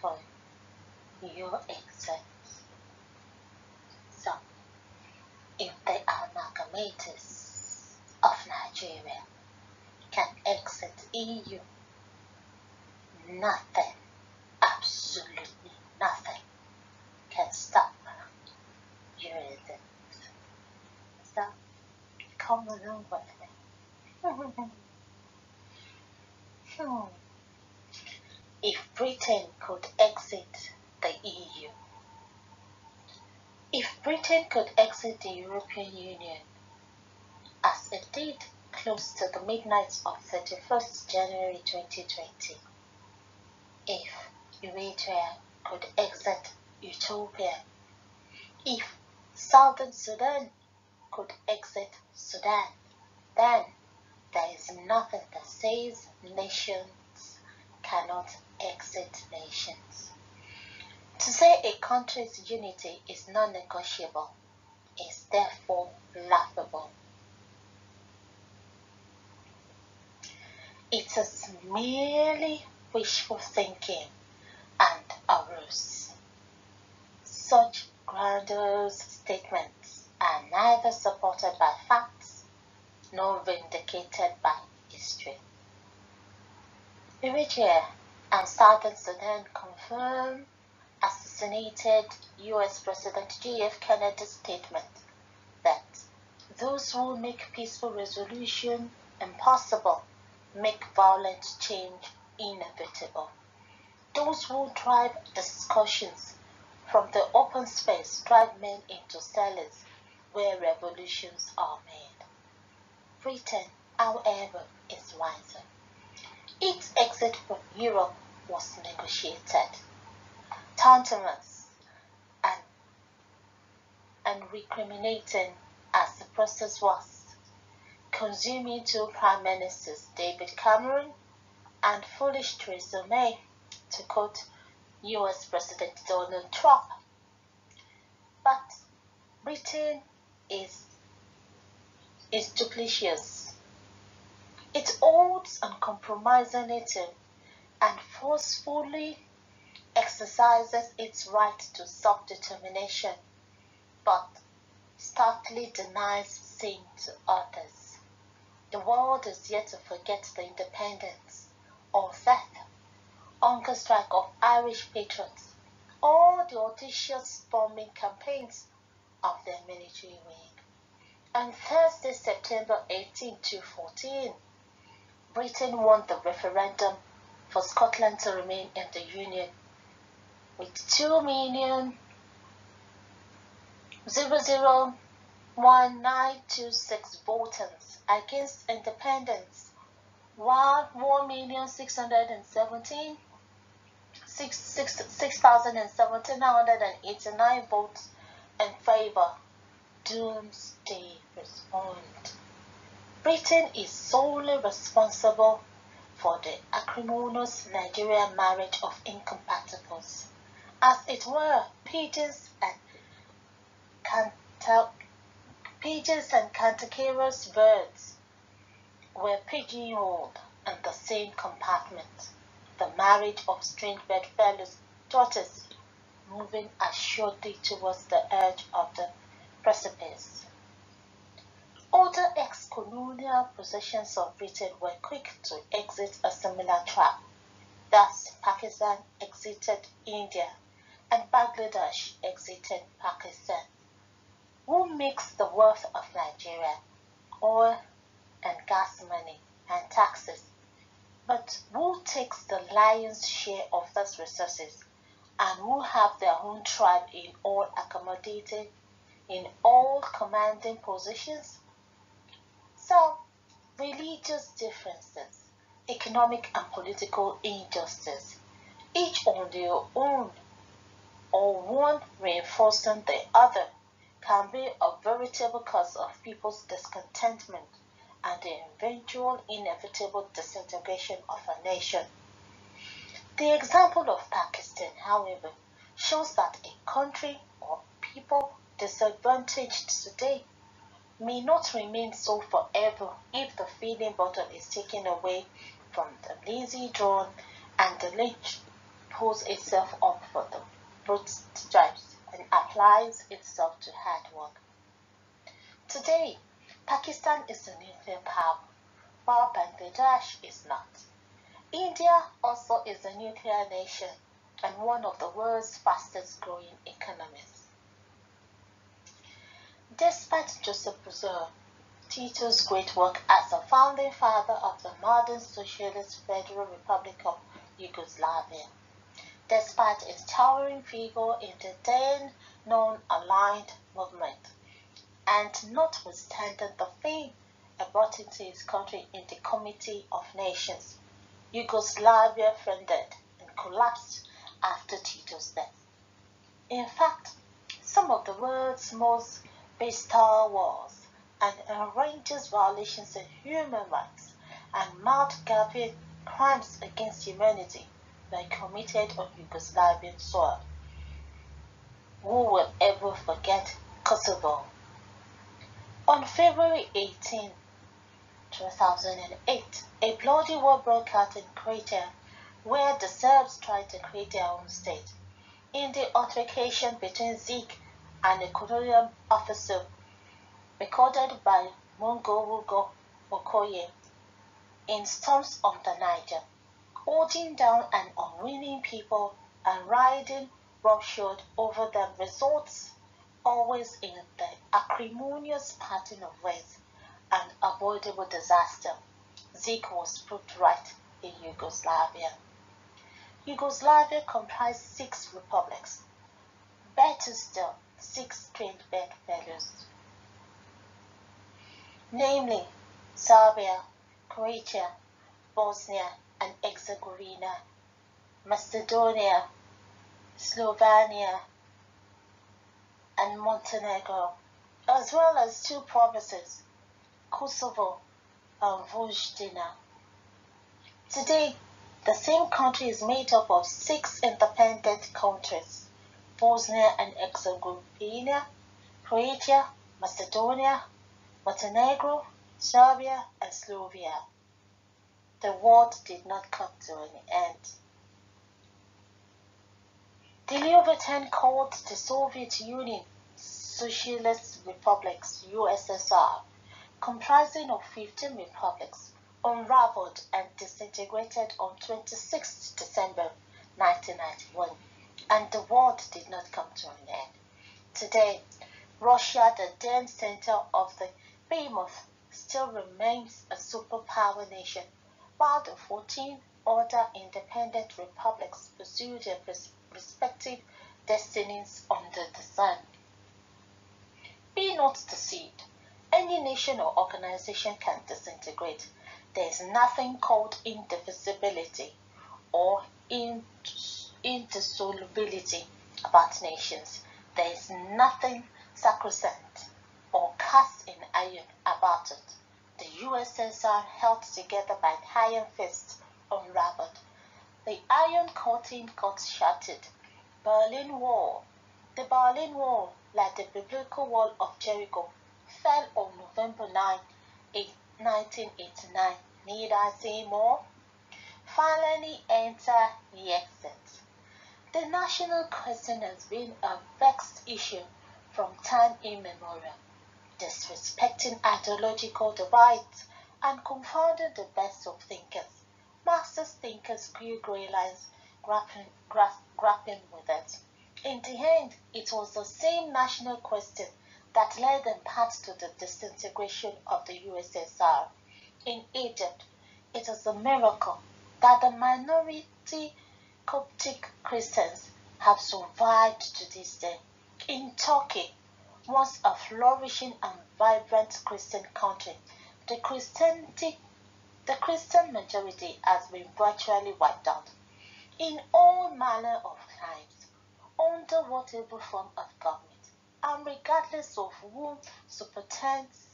for your exams. So, if the amalgamators of Nigeria can exit EU, nothing, absolutely nothing, can stop you. So, come along with me. hmm. Britain could exit the EU. If Britain could exit the European Union, as it did close to the midnight of 31st January 2020, if Eritrea could exit Utopia, if Southern Sudan could exit Sudan, then there is nothing that says nations cannot exit nations. To say a country's unity is non negotiable is therefore laughable. It is merely wishful thinking and a ruse. Such grandiose statements are neither supported by facts nor vindicated by history. Image here and southern Sudan confirm assassinated US President JF Kennedy's statement that those who make peaceful resolution impossible make violent change inevitable. Those who drive discussions from the open space drive men into cellars where revolutions are made. Britain, however, is wiser its exit from Europe was negotiated. Tantamount and, and recriminating as the process was, consuming two Prime Ministers David Cameron and foolish Theresa May, to quote US President Donald Trump. But Britain is is duplicitous it holds uncompromising and forcefully exercises its right to self-determination, but stoutly denies same to others. The world is yet to forget the independence or death, hunger strike of Irish patriots, or the audacious bombing campaigns of their military wing. On Thursday, September 18 to 14, Britain won the referendum for Scotland to remain in the Union with 2 million 001926 voters against independence, while 1,617,679 6, 6, 6, votes in favor. Doomsday response. Britain is solely responsible for the acrimonious Nigerian marriage of incompatibles, as it were, pigeons and cantal pigeons and cantankerous birds were pigeonholed in the same compartment. The marriage of strange bedfellows taught moving assuredly towards the edge of the precipice. Other ex-colonial possessions of Britain were quick to exit a similar trap. Thus, Pakistan exited India and Bangladesh exited Pakistan. Who makes the wealth of Nigeria? Oil and gas money and taxes. But who takes the lion's share of those resources and who have their own tribe in all accommodated, in all commanding positions? some religious differences, economic and political injustice, each on their own or one reinforcing the other, can be a veritable cause of people's discontentment and the eventual inevitable disintegration of a nation. The example of Pakistan, however, shows that a country or people disadvantaged today may not remain so forever if the feeding bottle is taken away from the lazy drone and the leech pulls itself up for the bootstraps and applies itself to hard work. Today, Pakistan is a nuclear power, while Bangladesh is not. India also is a nuclear nation and one of the world's fastest growing economies. Despite Joseph Brazil, uh, Tito's great work as a founding father of the modern Socialist Federal Republic of Yugoslavia, despite his towering figure in the then non-aligned movement, and notwithstanding the fame brought into his country in the Committee of Nations. Yugoslavia founded and collapsed after Tito's death. In fact, some of the world's most Star Wars and outrageous violations of human rights and multiple crimes against humanity were committed on Yugoslavian soil. Who will ever forget Kosovo? On February 18, 2008, a bloody war broke out in Croatia where the Serbs tried to create their own state. In the altercation between Zik and Ecuadorian officer, recorded by Mungo Okoye in Storms of the Niger, holding down an unwilling people and riding roughshod over them results always in the acrimonious pattern of ways and avoidable disaster. Zeke was proved right in Yugoslavia. Yugoslavia comprised six republics. Better still, six trade bad values, namely Serbia, Croatia, Bosnia and Herzegovina, Macedonia, Slovenia, and Montenegro, as well as two provinces, Kosovo and Vojvodina. Today, the same country is made up of six independent countries. Bosnia and Herzegovina, Croatia, Macedonia, Montenegro, Serbia, and Slovenia. The war did not come to an end. The Leviathan called the Soviet Union Socialist Republics USSR, comprising of 15 republics, unraveled and disintegrated on 26 December 1991 and the world did not come to an end. Today, Russia, the then center of the behemoth, still remains a superpower nation, while the 14 other independent republics pursue their respective destinies under the sun. Be not deceived. Any nation or organization can disintegrate. There is nothing called indivisibility or in indissolubility about nations. There is nothing sacrosanct or cast in iron about it. The USSR, held together by iron fists, unraveled. The iron curtain got shattered. Berlin Wall. The Berlin Wall, like the biblical wall of Jericho, fell on November 9, 1989. Need I say more? Finally enter the exit. The national question has been a vexed issue from time immemorial, disrespecting ideological divides and confounding the best of thinkers. Masters thinkers grew grey lines grappling, grappling with it. In the end, it was the same national question that led in part to the disintegration of the USSR. In Egypt, it is a miracle that the minority Coptic Christians have survived to this day. In Turkey, once a flourishing and vibrant Christian country, the Christianity the Christian majority has been virtually wiped out in all manner of times, under whatever form of government, and regardless of whom superintends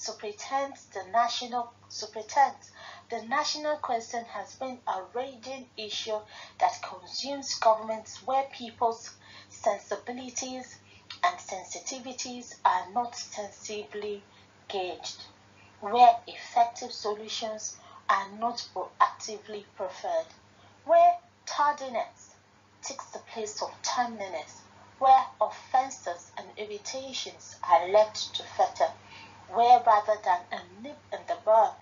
superintends the national superintends the national question has been a raging issue that consumes governments where people's sensibilities and sensitivities are not sensibly gauged, where effective solutions are not proactively preferred, where tardiness takes the place of timeliness, where offenses and irritations are left to fester where rather than nip in the bud,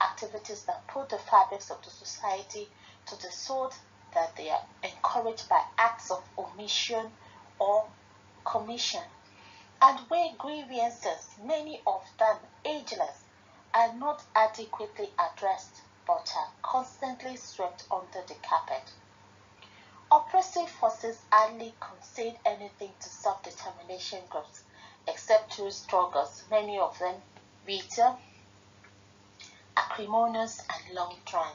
activities that pull the fabrics of the society to the sword, that they are encouraged by acts of omission or commission, and where grievances, many of them ageless, are not adequately addressed but are constantly swept under the carpet. Oppressive forces hardly concede anything to self-determination groups except two struggles, many of them bitter, acrimonious, and long drawn.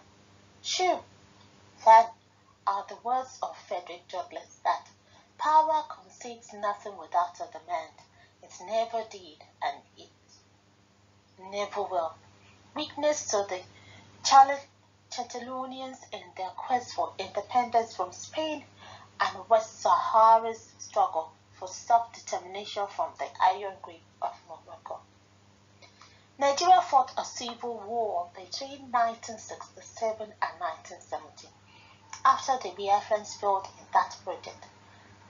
Sure, that are the words of Frederick Douglass that power conceives nothing without a demand. It never did, and it never will. Weakness to the Catalonians in their quest for independence from Spain and West Sahara's struggle for self-determination from the iron grip of Morocco. Nigeria fought a civil war between 1967 and 1970. After the Biafrans failed in that project,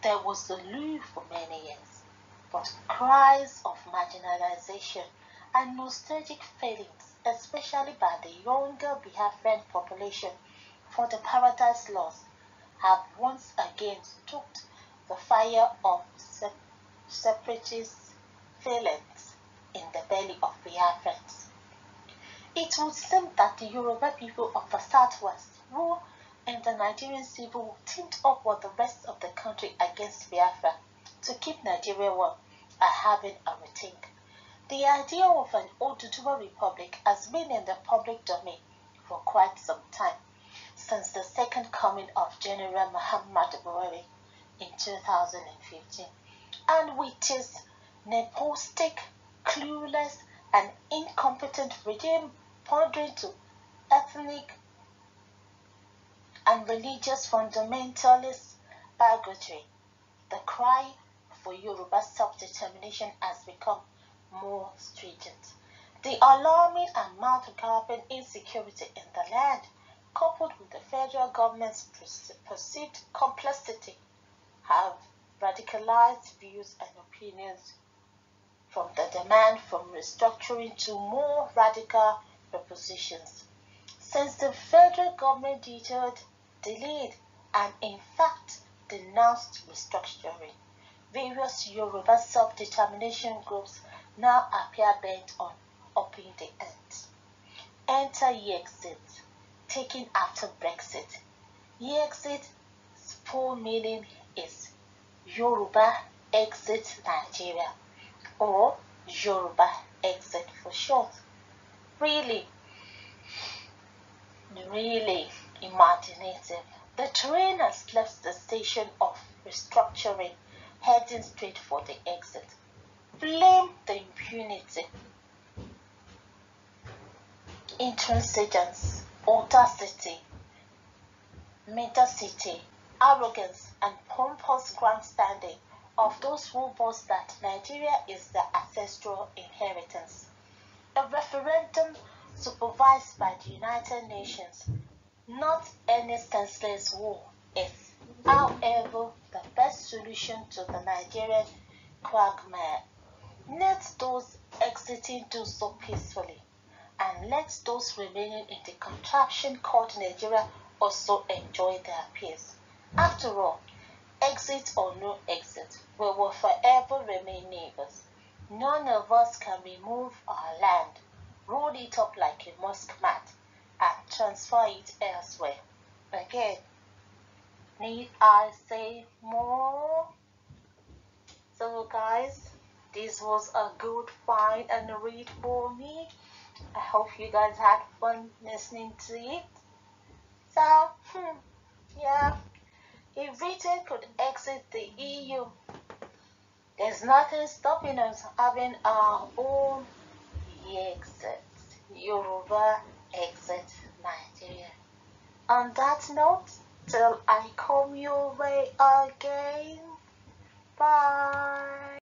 there was the loo for many years, but cries of marginalization and nostalgic feelings, especially by the younger Biafran population for the Paradise Lost, have once again stoked the fire of separatist feelings in the belly of Biafrans. It would seem that the Yoruba people of the Southwest who and the Nigerian civil war teamed up with the rest of the country against Biafra to keep Nigeria one are having a rethink. The idea of an Oduduwa Republic has been in the public domain for quite some time, since the second coming of General Muhammad Buhari in 2015 and with his nepotistic, clueless, and incompetent regime pandering to ethnic and religious fundamentalist bigotry. The cry for Yoruba self-determination has become more stringent. The alarming and mouth-gaping insecurity in the land, coupled with the federal government's perceived complicity have radicalized views and opinions from the demand for restructuring to more radical propositions. Since the federal government detailed, delayed, and in fact denounced restructuring, various Yoruba self-determination groups now appear bent on upping the end. Enter Yexit, taking after Brexit. Yexit's full meaning is Yoruba exit Nigeria or Yoruba exit for short. Really, really imaginative. The train has left the station of restructuring, heading straight for the exit. Blame the impunity, intransigence, audacity, metacity, arrogance, and pompous grandstanding of those who boast that Nigeria is their ancestral inheritance. A referendum supervised by the United Nations, not any senseless war, is, however, the best solution to the Nigerian quagmire. Let those exiting do so peacefully, and let those remaining in the contraption called Nigeria also enjoy their peace. After all, Exit or no exit, we will forever remain neighbors. None of us can remove our land, roll it up like a musk mat, and transfer it elsewhere. Again, need I say more? So guys, this was a good find and read for me. I hope you guys had fun listening to it. So, hmm, yeah if Britain could exit the EU, there's nothing stopping us having our own exit, Yoruba exit Nigeria. On that note, till I come your way again, bye.